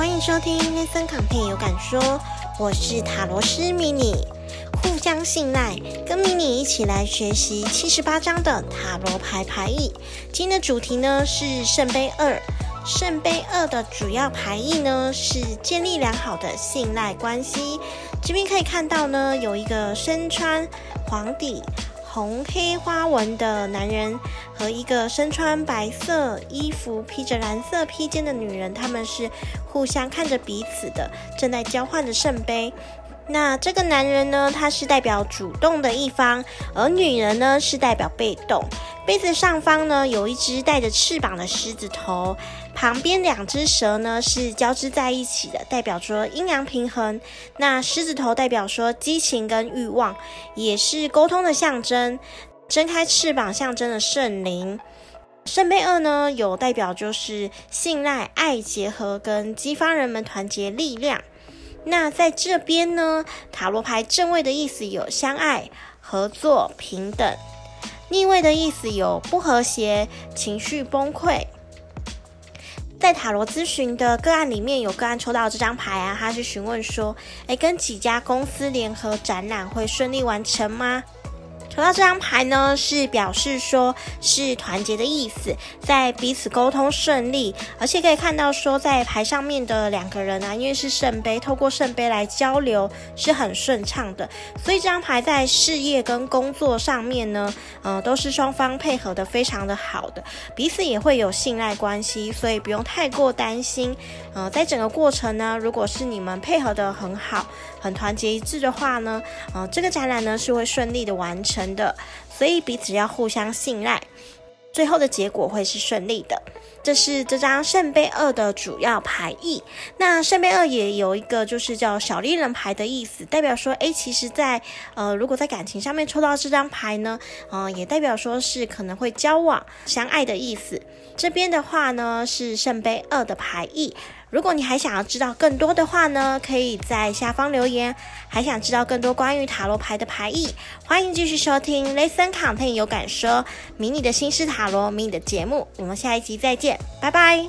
歡迎收聽《ListenContent 有感說》，我是塔羅師迷你，互相信賴，跟迷你一起來學習七十八張的塔羅牌牌意。今天的主題呢是聖杯二，聖杯二的主要牌意呢是建立良好的信賴關係。這邊可以看到呢有一個身穿黃底。紅黑花紋的男人和一個身穿白色衣服、披着藍色披肩的女人，他們是互相看着彼此的，正在交換着聖杯。那這個男人呢，他是代表主動的一方，而女人呢，是代表被動。杯子上方呢，有一隻帶着翅膀的獅子頭，旁邊兩只蛇呢是交織在一起的，代表說陰陽平衡。那獅子頭代表說激情跟慾望，也是溝通的象徵。睜開翅膀象徵的聖靈。聖杯二呢，有代表就是信賴、愛結合跟激發人們團結力量。那在這邊呢，塔羅牌正位的意思有相愛、合作、平等。逆位的意思有不和諧、情緒崩潰。在塔羅諮詢的個案裡面，有個案抽到這張牌啊，他是詢問說：哎、欸，跟幾家公司聯合展覽會順利完成嗎？抽到這張牌呢，是表示說是團結的意思，在彼此溝通順利，而且可以看到說在牌上面的兩個人啊，因為是聖杯，透過聖杯來交流是很順暢的，所以這張牌在事業跟工作上面呢，呃，都是雙方配合的非常的好的，彼此也會有信賴關係，所以不用太過擔心。呃，在整個過程呢，如果是你們配合的很好。很團結一致的話呢，呃，這個展覽呢是會順利的完成的，所以彼此要互相信賴，最後的結果會是順利的。這是這張聖杯二的主要牌意。那聖杯二也有一個就是叫小戀人牌的意思，代表說，誒、欸，其實在呃，如果在感情上面抽到這張牌呢，呃，也代表說是可能會交往相愛的意思。這邊的話呢是聖杯二的牌意。如果你還想要知道更多的話呢，可以在下方留言。還想知道更多關於塔羅牌的牌意，歡迎繼續收聽 ListenContent 有感說迷你的新式塔羅迷你的節目。我們下一集再見，拜拜。